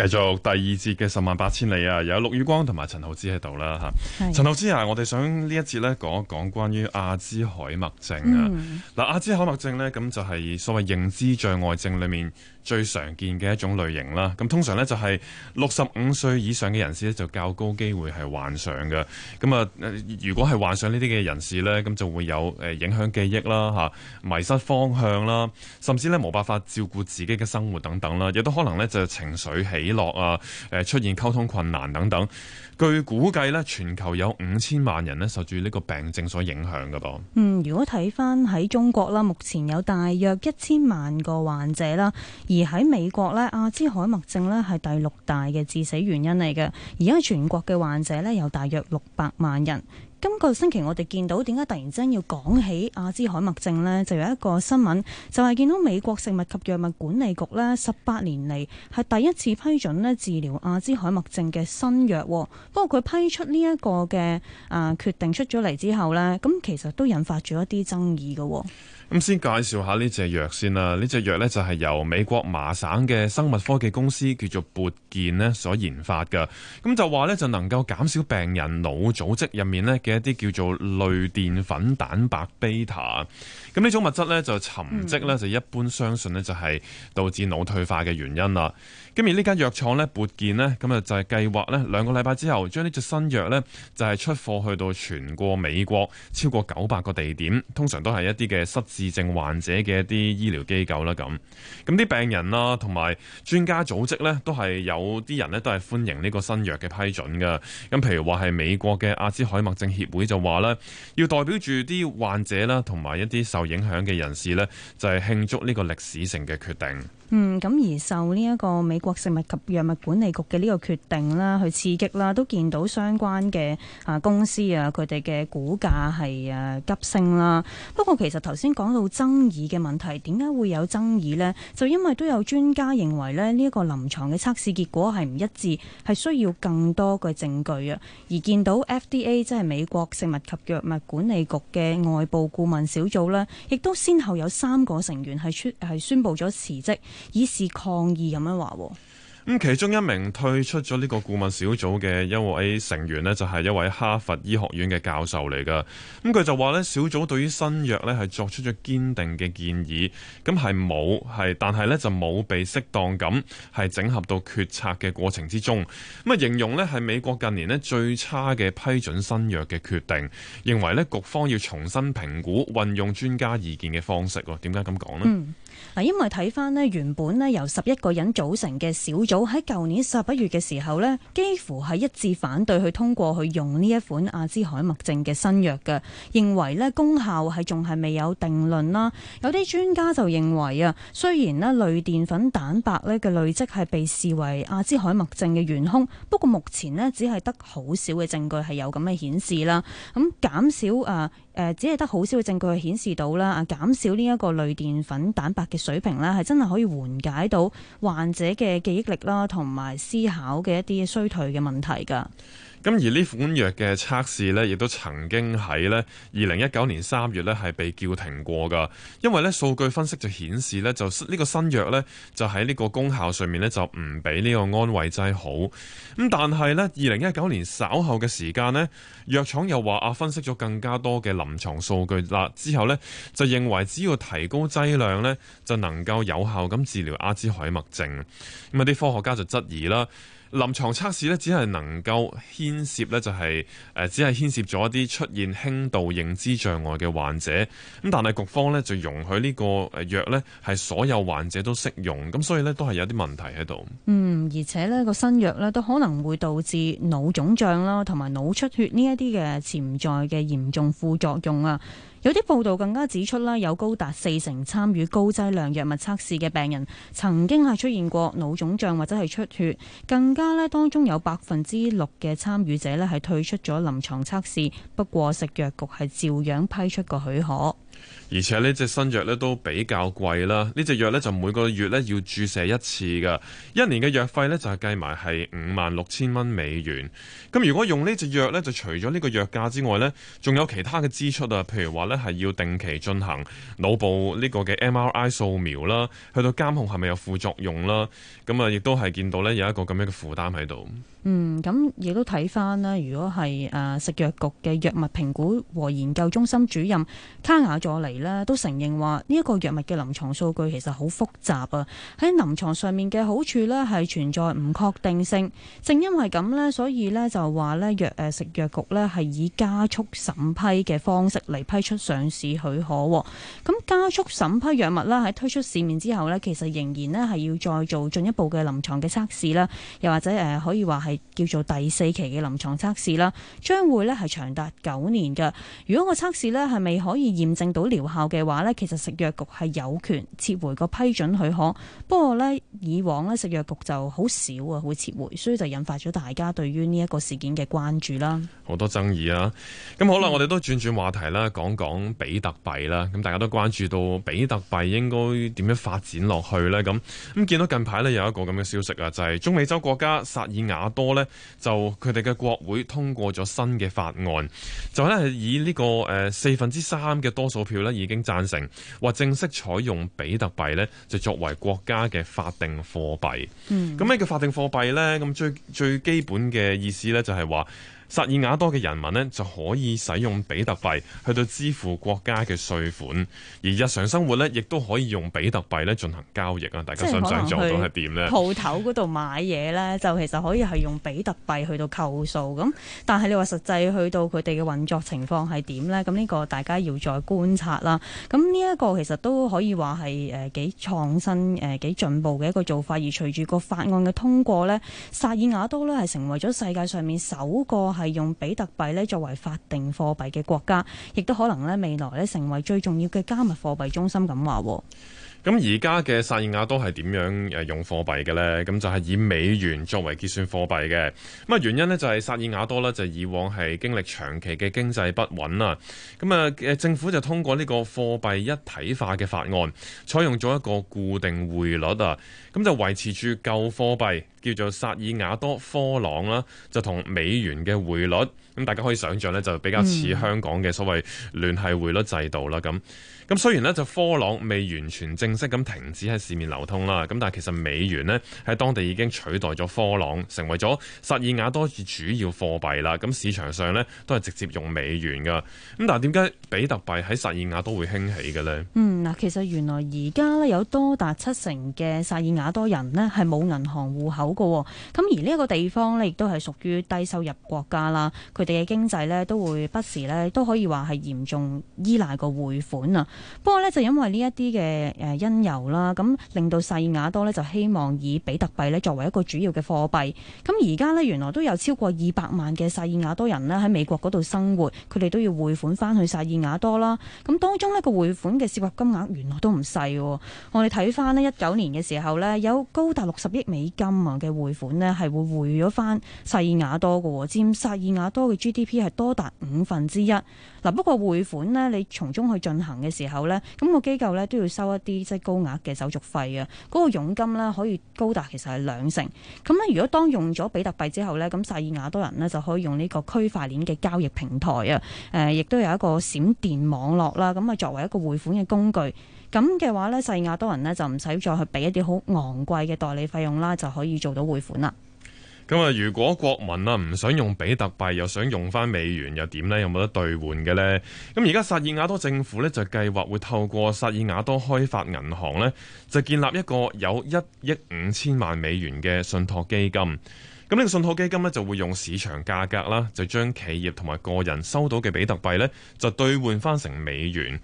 繼續第二節嘅十萬八千里啊！有陸宇光同埋陳浩之喺度啦，吓是。陳浩之啊，我哋想呢一節咧講一講關於阿茲海默症啊。嗱，嗯，阿茲海默症咧咁就係所謂認知障礙症裏面最常見嘅一種類型啦。咁通常咧就係六十五歲以上嘅人士咧就較高機會係患上嘅。咁啊，如果係患上呢啲嘅人士咧，咁就會有誒影響記憶啦，吓迷失方向啦，甚至咧冇辦法照顧自己嘅生活等等啦，亦都可能咧就情緒起。落啊，誒，出現溝通困難等等。據估計咧，全球有五千萬人咧受住呢個病症所影響嘅噃。嗯，如果睇返喺中國啦，目前有大約一千萬個患者啦，而喺美國咧，阿茲海默症呢係第六大嘅致死原因嚟嘅，而家全國嘅患者呢，有大約六百萬人。今個星期我哋見到點解突然間要講起阿茲海默症呢？就有一個新聞，就係見到美國食物及藥物管理局呢，十八年嚟係第一次批准呢治療阿茲海默症嘅新藥。不過佢批出呢一個嘅啊決定出咗嚟之後呢，咁其實都引發咗一啲爭議嘅。咁先介紹下呢隻藥先啦，呢隻藥呢，就係由美國麻省嘅生物科技公司，叫做渤健咧所研發嘅，咁就話咧就能夠減少病人腦組織入面咧嘅一啲叫做類澱粉蛋白 beta，咁呢種物質咧就沉積咧就一般相信咧就係導致腦退化嘅原因啦。今日、嗯、呢間藥廠咧撥健咧咁啊就係計劃咧兩個禮拜之後將呢隻新藥咧就係、是、出貨去到全個美國超過九百個地點，通常都係一啲嘅失智症患者嘅一啲醫療機構啦咁，咁啲病人啦同埋專家組織咧都係有。有啲人呢都係歡迎呢個新藥嘅批准噶，咁譬如話係美國嘅阿茲海默症協會就話咧，要代表住啲患者啦，同埋一啲受影響嘅人士呢，就係慶祝呢個歷史性嘅決定。嗯，咁而受呢一個美國食物及藥物管理局嘅呢個決定啦，去刺激啦，都見到相關嘅啊公司啊，佢哋嘅股價係誒急升啦，啊。不過其實頭先講到爭議嘅問題，點解會有爭議咧？就因為都有專家認為咧，呢一個臨牀嘅測試結果係唔一致，係需要更多嘅證據啊。而見到 FDA 即係美國食物及藥物管理局嘅外部顧問小組咧，亦都先後有三個成員係出係宣布咗辭職。以示抗議咁樣話，咁其中一名退出咗呢個顧問小組嘅一位成員呢就係一位哈佛醫學院嘅教授嚟噶。咁佢就話呢，小組對於新藥呢係作出咗堅定嘅建議，咁係冇係，但係呢就冇被適當咁係整合到決策嘅過程之中。咁啊形容呢係美國近年呢最差嘅批准新藥嘅決定，認為呢局方要重新評估運用專家意見嘅方式。點解咁講呢？嗯嗱，因為睇翻呢，原本呢由十一個人組成嘅小組喺舊年十一月嘅時候呢，幾乎係一致反對去通過去用呢一款阿茲海默症嘅新藥嘅，認為呢功效係仲係未有定論啦。有啲專家就認為啊，雖然呢類澱粉蛋白呢嘅累積係被視為阿茲海默症嘅元凶，不過目前呢只係得好少嘅證據係有咁嘅顯示啦。咁減少啊～誒，只係得好少嘅證據顯示到啦，減少呢一個類澱粉蛋白嘅水平啦，係真係可以緩解到患者嘅記憶力啦，同埋思考嘅一啲衰退嘅問題噶。咁而呢款藥嘅測試呢，亦都曾經喺呢二零一九年三月呢係被叫停過㗎，因為呢數據分析就顯示呢，就呢個新藥呢，就喺呢個功效上面呢，就唔畀呢個安慰劑好。咁但係呢，二零一九年稍後嘅時間呢，藥廠又話啊，分析咗更加多嘅臨床數據啦，之後呢，就認為只要提高劑量呢，就能夠有效咁治療阿茲海默症。咁啊啲科學家就質疑啦。臨床測試咧，只係能夠牽涉呢就係、是、誒、呃，只係牽涉咗一啲出現輕度認知障礙嘅患者。咁但係局方呢就容許呢個誒藥咧，係所有患者都適用。咁所以呢都係有啲問題喺度。嗯，而且呢個新藥呢都可能會導致腦腫脹啦，同埋腦出血呢一啲嘅潛在嘅嚴重副作用啊。有啲報道更加指出啦，有高達四成參與高劑量藥物測試嘅病人曾經係出現過腦腫脹或者係出血，更加呢當中有百分之六嘅參與者呢係退出咗臨床測試。不過食藥局係照樣批出個許可。而且呢隻新藥呢都比較貴啦，呢隻藥呢就每個月呢要注射一次㗎，一年嘅藥費呢就係計埋係五萬六千蚊美元。咁如果用呢隻藥呢，就除咗呢個藥價之外呢，仲有其他嘅支出啊，譬如話，咧係要定期進行腦部呢個嘅 MRI 掃描啦，去到監控係咪有副作用啦？咁啊，亦都係見到咧有一個咁樣嘅負擔喺度。嗯，咁亦都睇翻啦。如果係誒、呃、食藥局嘅藥物評估和研究中心主任卡雅佐尼呢，都承認話呢一個藥物嘅臨床數據其實好複雜啊，喺臨床上面嘅好處呢，係存在唔確定性。正因為咁呢，所以呢就話呢，藥誒食藥局呢係以加速審批嘅方式嚟批出上市許可。咁加速審批藥物啦，喺推出市面之後呢，其實仍然呢係要再做進一步嘅臨床嘅測試啦，又或者誒、呃、可以話係。係叫做第四期嘅臨床測試啦，將會咧係長達九年嘅。如果個測試咧係未可以驗證到療效嘅話咧，其實食藥局係有權撤回個批准許可。不過咧，以往咧食藥局就好少啊會撤回，所以就引發咗大家對於呢一個事件嘅關注啦，好多爭議啊！咁好啦，嗯、我哋都轉轉話題啦，講講比特幣啦。咁大家都關注到比特幣應該點樣發展落去咧？咁咁見到近排咧有一個咁嘅消息啊，就係、是、中美洲國家薩爾瓦多多咧就佢哋嘅國會通過咗新嘅法案，就咧以呢個誒四分之三嘅多數票咧已經贊成，話正式採用比特幣咧就作為國家嘅法定貨幣。嗯，咁呢個法定貨幣咧，咁最最基本嘅意思咧就係話。薩爾瓦多嘅人民呢，就可以使用比特幣去到支付國家嘅稅款，而日常生活呢，亦都可以用比特幣呢進行交易啊！大家即係想唔想做到係點呢？鋪頭嗰度買嘢呢，就其實可以係用比特幣去到扣數咁。但係你話實際去到佢哋嘅運作情況係點呢？咁呢個大家要再觀察啦。咁呢一個其實都可以話係誒幾創新、誒幾進步嘅一個做法。而隨住個法案嘅通過呢，薩爾瓦多呢係成為咗世界上面首個。係用比特幣咧作為法定貨幣嘅國家，亦都可能咧未來咧成為最重要嘅加密貨幣中心。咁話，咁而家嘅薩爾瓦多係點樣誒用貨幣嘅呢？咁就係、是、以美元作為結算貨幣嘅。咁啊原因呢，就係薩爾瓦多啦，就以往係經歷長期嘅經濟不穩啊。咁啊政府就通過呢個貨幣一體化嘅法案，採用咗一個固定匯率啊。咁就維持住舊貨幣。叫做薩爾瓦多科朗啦，就同美元嘅匯率，咁大家可以想象呢，就比較似香港嘅所謂聯繫匯率制度啦。咁咁、嗯、雖然呢，就科朗未完全正式咁停止喺市面流通啦，咁但係其實美元呢，喺當地已經取代咗科朗，成為咗薩爾瓦多主要貨幣啦。咁市場上呢，都係直接用美元㗎。咁但係點解比特幣喺薩爾瓦多會興起嘅呢？嗯，嗱，其實原來而家呢有多達七成嘅薩爾瓦多人呢，係冇銀行戶口。好嘅，咁而呢一個地方呢，亦都係屬於低收入國家啦。佢哋嘅經濟呢，都會不時呢都可以話係嚴重依賴個匯款啊。不過呢，就因為呢一啲嘅誒因由啦，咁令到薩爾瓦多呢，就希望以比特幣呢作為一個主要嘅貨幣。咁而家呢，原來都有超過二百萬嘅薩爾瓦多人呢喺美國嗰度生活，佢哋都要匯款翻去薩爾瓦多啦。咁當中呢個匯款嘅涉及金額原來都唔細，我哋睇翻呢一九年嘅時候呢，有高達六十億美金啊！嘅匯款呢係會匯咗翻薩爾瓦多嘅，佔薩爾瓦多嘅 GDP 係多達五分之一。嗱，不過匯款呢，你從中去進行嘅時候呢，咁個機構呢都要收一啲即係高額嘅手續費啊。嗰個佣金呢可以高達其實係兩成。咁咧，如果當用咗比特幣之後呢，咁薩爾瓦多人呢就可以用呢個區塊鏈嘅交易平台啊，誒，亦都有一個閃電網絡啦。咁啊，作為一個匯款嘅工具。咁嘅話咧，薩爾瓦多人咧就唔使再去俾一啲好昂貴嘅代理費用啦，就可以做到匯款啦。咁啊，如果國民啊唔想用比特幣，又想用翻美元，又點呢？有冇得兌換嘅呢？咁而家薩爾瓦多政府咧就計劃會透過薩爾瓦多開發銀行呢就建立一個有一億五千萬美元嘅信託基金。咁呢個信託基金呢，就會用市場價格啦，就將企業同埋個人收到嘅比特幣呢，就兌換翻成美元。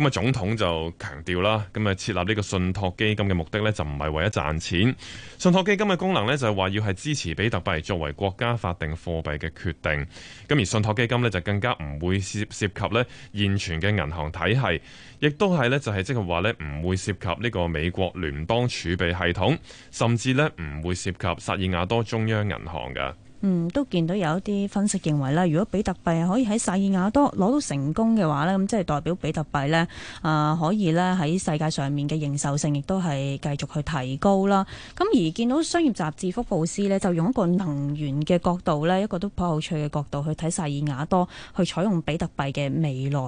咁啊，總統就強調啦，咁啊設立呢個信託基金嘅目的呢，就唔係為咗賺錢。信託基金嘅功能呢，就係話要係支持比特幣作為國家法定貨幣嘅決定。咁而信託基金呢，就更加唔會涉涉及呢現存嘅銀行體系，亦都係呢，就係即係話呢，唔會涉及呢個美國聯邦儲備系統，甚至呢，唔會涉及薩爾瓦多中央銀行嘅。嗯，都見到有一啲分析認為咧，如果比特幣可以喺薩爾瓦多攞到成功嘅話咧，咁即係代表比特幣咧啊可以咧喺世界上面嘅認受性亦都係繼續去提高啦。咁而見到商業雜誌福布斯咧，就用一個能源嘅角度咧，一個都好有趣嘅角度去睇薩爾瓦多去採用比特幣嘅未來。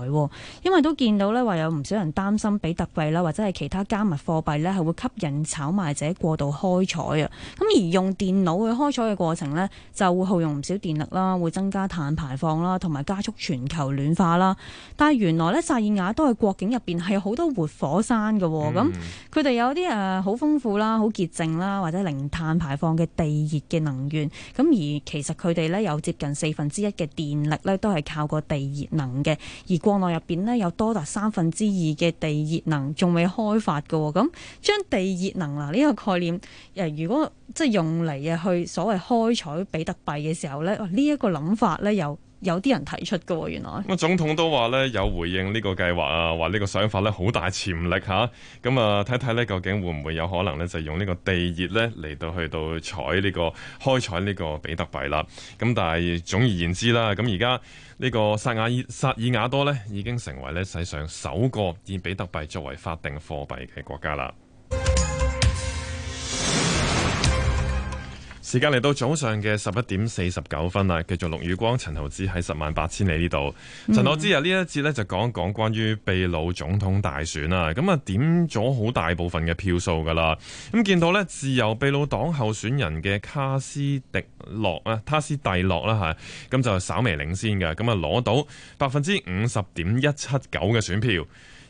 因為都見到咧，話有唔少人擔心比特幣啦，或者係其他加密貨幣咧係會吸引炒賣者過度開採啊。咁而用電腦去開採嘅過程咧，就會耗用唔少電力啦，會增加碳排放啦，同埋加速全球暖化啦。但係原來咧，薩爾瓦多係國境入邊係有好多活火山嘅，咁佢哋有啲誒好豐富啦、好潔淨啦，或者零碳排放嘅地熱嘅能源。咁而其實佢哋咧有接近四分之一嘅電力咧都係靠個地熱能嘅，而國內入邊呢，有多達三分之二嘅地熱能仲未開發嘅。咁、嗯、將地熱能嗱呢個概念誒，如果即係用嚟啊去所謂開採比特幣嘅時候咧，呢一個諗法咧有有啲人提出噶喎，原來。咁啊，總統都話咧有回應呢個計劃啊，話呢個想法咧好大潛力吓，咁啊睇睇咧究竟會唔會有可能咧就用呢個地熱咧嚟到去到採呢個開採呢個比特幣啦。咁但係總而言之啦，咁而家呢個薩亞薩爾瓦多咧已經成為咧世上首個以比特幣作為法定貨幣嘅國家啦。時間嚟到早上嘅十一點四十九分啦，繼續陸宇光陳豪之喺十萬八千里呢度陳豪之啊，呢、嗯、一節咧就講講關於秘魯總統大選啦，咁啊點咗好大部分嘅票數噶啦。咁見到呢，自由秘魯黨候選人嘅卡斯迪洛啊，卡斯蒂洛啦吓，咁就稍微領先嘅，咁啊攞到百分之五十點一七九嘅選票。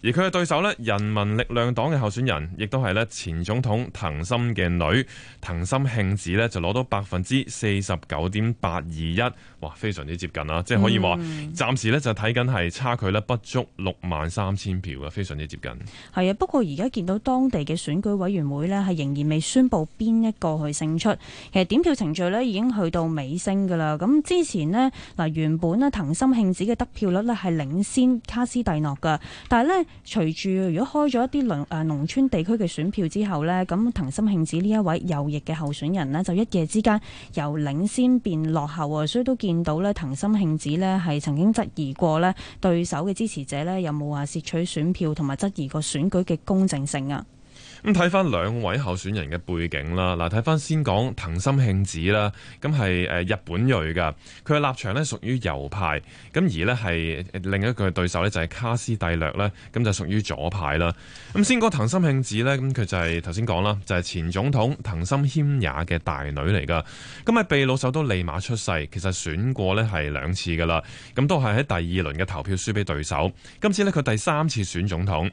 而佢嘅對手咧，人民力量黨嘅候選人，亦都係咧前總統藤森嘅女藤森慶子咧，就攞到百分之四十九點八二一，哇，非常之接近啦，啊，即係可以話，嗯，暫時咧就睇緊係差距咧不足六萬三千票嘅，非常之接近。係啊，不過而家見到當地嘅選舉委員會咧，係仍然未宣佈邊一個去勝出。其實點票程序咧已經去到尾聲㗎啦。咁之前呢，嗱原本咧藤森慶子嘅得票率咧係領先卡斯蒂諾㗎，但係咧，隨住如果開咗一啲農誒、呃、農村地區嘅選票之後呢，咁藤森慶子呢一位右翼嘅候選人呢，就一夜之間由領先變落後喎，所以都見到呢藤森慶子呢係曾經質疑過呢對手嘅支持者呢有冇話竊取選票，同埋質疑過選舉嘅公正性啊。咁睇翻兩位候選人嘅背景啦，嗱睇翻先講藤森慶子啦，咁係誒日本裔㗎，佢嘅立場呢屬於右派，咁而呢係另一個對手呢，就係卡斯蒂略呢，咁就屬於左派啦。咁先講藤森慶子呢，咁佢就係頭先講啦，就係、是、前總統藤森謙也嘅大女嚟㗎，咁喺秘魯首都利馬出世，其實選過呢係兩次㗎啦，咁都係喺第二輪嘅投票輸俾對手，今次呢，佢第三次選總統，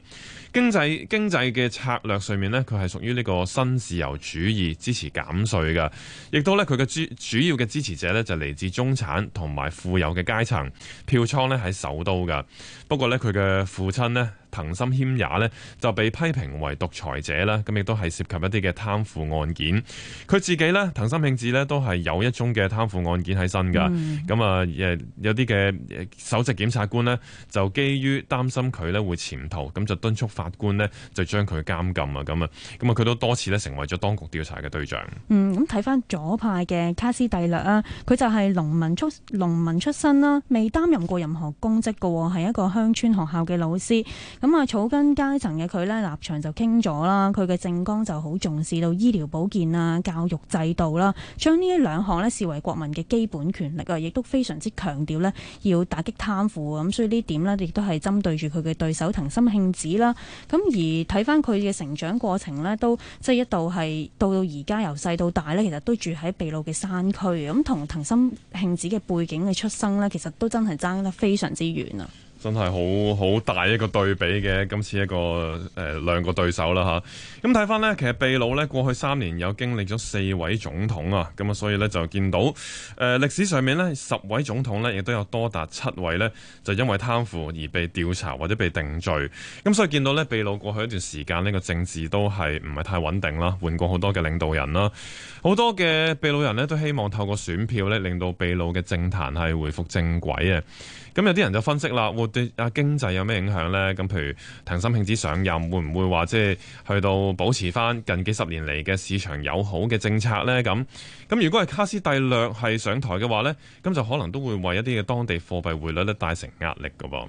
經濟經濟嘅策略上面呢，佢係屬於呢個新自由主義支持減稅嘅，亦都咧佢嘅主主要嘅支持者呢，就嚟自中產同埋富有嘅階層，票倉呢喺首都嘅。不過呢，佢嘅父親呢。藤森謙也呢就被批評為獨裁者啦，咁亦都係涉及一啲嘅貪腐案件。佢自己呢，藤森慶治呢，都係有一宗嘅貪腐案件喺身㗎，咁啊誒有啲嘅首席檢察官呢，就基於擔心佢呢會潛逃，咁就敦促法官呢，就將佢監禁啊，咁啊，咁啊佢都多次呢成為咗當局調查嘅對象。嗯，咁睇返左派嘅卡斯蒂略啊，佢就係農民出農民出身啦，未擔任過任何公職嘅喎，係一個鄉村學校嘅老師。咁啊，草根階層嘅佢呢，立場就傾咗啦。佢嘅政綱就好重視到醫療保健啊、教育制度啦，將呢兩項呢視為國民嘅基本權力啊，亦都非常之強調呢要打擊貪腐。咁所以呢點呢，亦都係針對住佢嘅對手藤森慶子啦。咁而睇返佢嘅成長過程呢，都即係一度係到到而家由細到大呢，其實都住喺秘魯嘅山區。咁同藤森慶子嘅背景嘅出生呢，其實都真係爭得非常之遠啊！真係好好大一個對比嘅，今次一個誒兩、呃、個對手啦吓。咁睇翻，呢，其實秘魯呢過去三年有經歷咗四位總統啊，咁、嗯、啊，所以呢，就見到誒歷、呃、史上面呢，十位總統呢亦都有多達七位呢，就因為貪腐而被調查或者被定罪。咁、嗯、所以見到呢，秘魯過去一段時間呢個政治都係唔係太穩定啦，換過好多嘅領導人啦，好多嘅秘魯人呢，都希望透過選票呢，令到秘魯嘅政壇係回復正軌啊。咁有啲人就分析啦，會對啊經濟有咩影響呢？咁譬如藤森慶子上任，會唔會話即係去到保持翻近幾十年嚟嘅市場友好嘅政策呢？咁咁如果係卡斯蒂略係上台嘅話呢，咁就可能都會為一啲嘅當地貨幣匯率咧帶成壓力㗎噃。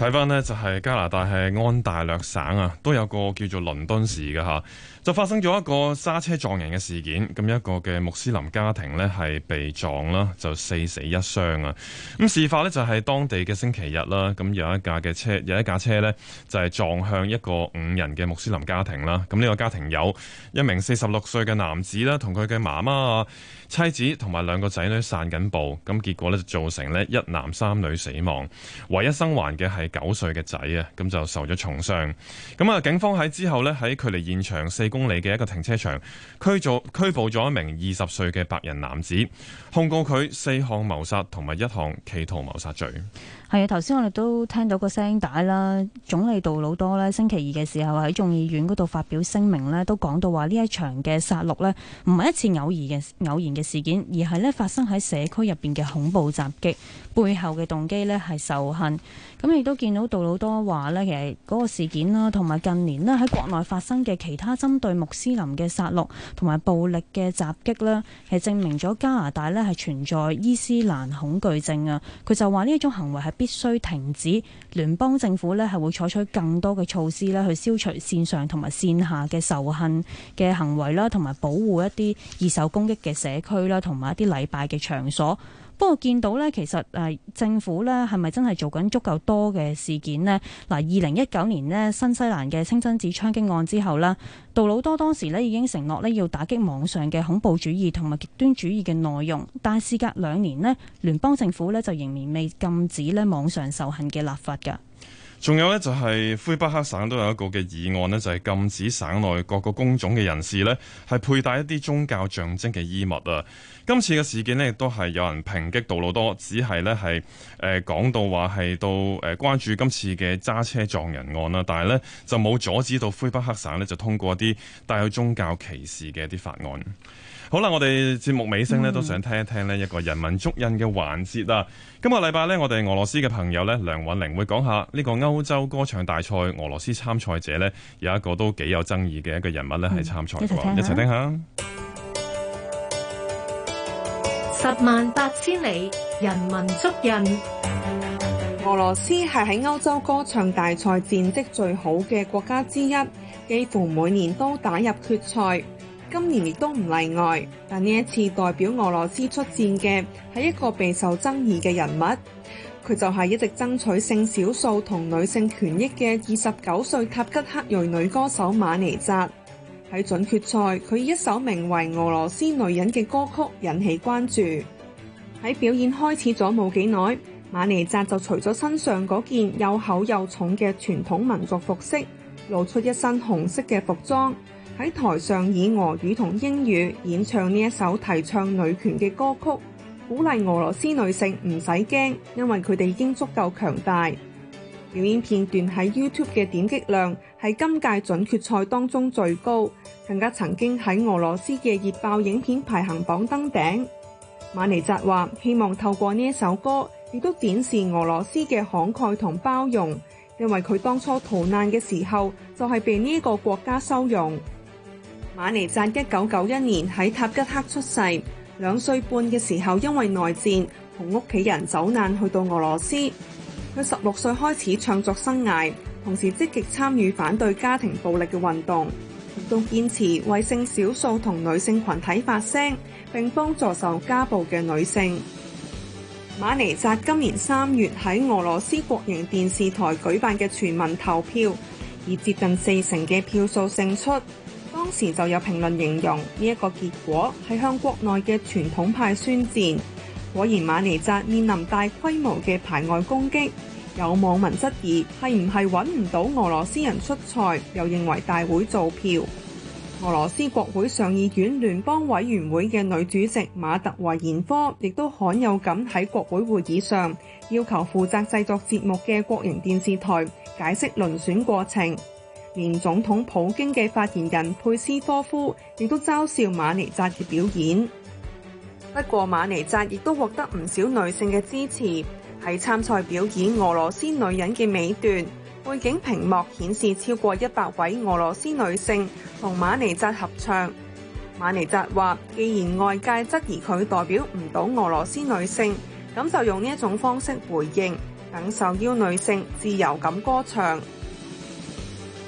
睇翻呢，就係加拿大係安大略省啊，都有個叫做倫敦市嘅，吓，就發生咗一個揸車撞人嘅事件，咁一個嘅穆斯林家庭呢，係被撞啦，就四死一傷啊！咁事發呢，就係當地嘅星期日啦，咁有一架嘅車，有一架車呢，就係撞向一個五人嘅穆斯林家庭啦，咁呢個家庭有一名四十六歲嘅男子啦，同佢嘅媽媽啊。妻子同埋兩個仔女散緊步，咁結果呢，造成呢，一男三女死亡，唯一生還嘅係九歲嘅仔啊，咁就受咗重傷。咁啊，警方喺之後呢，喺距離現場四公里嘅一個停車場拘捕拘捕咗一名二十歲嘅白人男子，控告佢四項謀殺同埋一項企圖謀殺罪。係啊，頭先我哋都聽到個聲帶啦，總理杜魯多呢星期二嘅時候喺眾議院嗰度發表聲明呢，都講到話呢一場嘅殺戮呢唔係一次偶然嘅偶然嘅。事件，而係咧發生喺社區入邊嘅恐怖襲擊，背後嘅動機咧係仇恨。咁亦都見到杜魯多話呢，其實嗰個事件啦，同埋近年咧喺國內發生嘅其他針對穆斯林嘅殺戮同埋暴力嘅襲擊咧，係證明咗加拿大呢係存在伊斯蘭恐懼症啊。佢就話呢一種行為係必須停止，聯邦政府呢係會採取更多嘅措施呢去消除線上同埋線下嘅仇恨嘅行為啦，同埋保護一啲易受攻擊嘅社區啦，同埋一啲禮拜嘅場所。不過見到呢，其實誒政府呢係咪真係做緊足夠多嘅事件呢？嗱，二零一九年呢，新西蘭嘅清真寺槍擊案之後啦，杜魯多當時呢已經承諾呢要打擊網上嘅恐怖主義同埋極端主義嘅內容，但係事隔兩年呢，聯邦政府呢就仍然未禁止呢網上仇恨嘅立法㗎。仲有呢，就係魁北克省都有一個嘅議案呢就係禁止省內各個工種嘅人士呢係佩戴一啲宗教象徵嘅衣物啊。今次嘅事件呢，亦都係有人抨擊杜魯多，只係呢係誒講到話係到誒關注今次嘅揸車撞人案啦，但係呢就冇阻止到魁北克省呢就通過啲帶有宗教歧視嘅一啲法案。好啦，我哋節目尾聲咧，都想聽一聽呢一個人文足印嘅環節啊！今日禮拜呢，我哋俄羅斯嘅朋友呢，梁尹齡會講下呢個歐洲歌唱大賽俄羅斯參賽者呢有一個都幾有爭議嘅一個人物咧係參賽，一齊聽一下。聽下十萬八千里人文足印，俄羅斯係喺歐洲歌唱大賽戰績最好嘅國家之一，幾乎每年都打入決賽。今年亦都唔例外，但呢一次代表俄羅斯出戰嘅係一個備受爭議嘅人物，佢就係一直爭取性少數同女性權益嘅二十九歲塔吉克裔女歌手馬尼扎。喺準決賽，佢以一首名為《俄羅斯女人》嘅歌曲引起關注。喺表演開始咗冇幾耐，馬尼扎就除咗身上嗰件又厚又重嘅傳統民族服飾，露出一身紅色嘅服裝。喺台上以俄語同英語演唱呢一首提倡女權嘅歌曲，鼓勵俄羅斯女性唔使驚，因為佢哋已經足夠強大。表演片段喺 YouTube 嘅點擊量係今屆準決賽當中最高，更加曾經喺俄羅斯嘅熱爆影片排行榜登頂。馬尼扎話：希望透過呢一首歌，亦都展示俄羅斯嘅慷慨同包容，因為佢當初逃難嘅時候就係被呢個國家收容。馬尼扎一九九一年喺塔吉克出世，兩歲半嘅時候因為內戰同屋企人走難去到俄羅斯。佢十六歲開始創作生涯，同時積極參與反對家庭暴力嘅運動，活動堅持為性少數同女性群體發聲，並幫助受家暴嘅女性。馬尼扎今年三月喺俄羅斯國營電視台舉辦嘅全民投票，以接近四成嘅票數勝出。當時就有評論形容呢一個結果係向國內嘅傳統派宣戰。果然，馬尼扎面臨大規模嘅排外攻擊。有網民質疑係唔係揾唔到俄羅斯人出賽，又認為大會造票。俄羅斯國會上議院聯邦委員會嘅女主席馬特維延科亦都罕有咁喺國會會議上要求負責製作節目嘅國營電視台解釋遴選過程。連總統普京嘅發言人佩斯科夫亦都嘲笑馬尼扎嘅表演。不過，馬尼扎亦都獲得唔少女性嘅支持，喺參賽表演《俄羅斯女人》嘅尾段，背景屏幕顯示超過一百位俄羅斯女性同馬尼扎合唱。馬尼扎話：「既然外界質疑佢代表唔到俄羅斯女性，咁就用呢一種方式回應，等受邀女性自由咁歌唱。」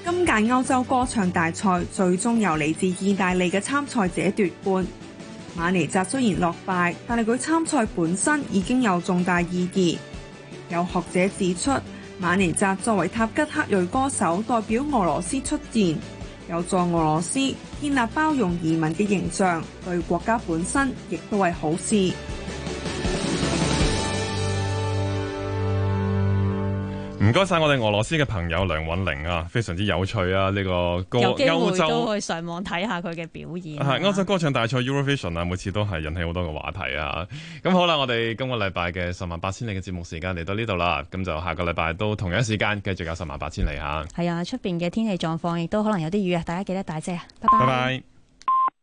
今屆歐洲歌唱大賽最終由嚟自意大利嘅參賽者奪冠。馬尼扎雖然落敗，但係佢參賽本身已經有重大意義。有學者指出，馬尼扎作為塔吉克裔歌手代表俄羅斯出戰，有助俄羅斯建立包容移民嘅形象，對國家本身亦都係好事。唔該晒，我哋俄羅斯嘅朋友梁尹齡啊，非常之有趣啊！呢、這個歌機洲都去上網睇下佢嘅表演，啊。係歐、啊、洲歌唱大賽 Eurovision 啊，每次都係引起好多嘅話題啊！咁、嗯、好啦，我哋今個禮拜嘅十萬八千里嘅節目時間嚟到呢度啦，咁就下個禮拜都同樣時間繼續有十萬八千里吓。係啊，出邊嘅天氣狀況亦都可能有啲雨啊，大家記得帶遮啊！拜拜。Bye bye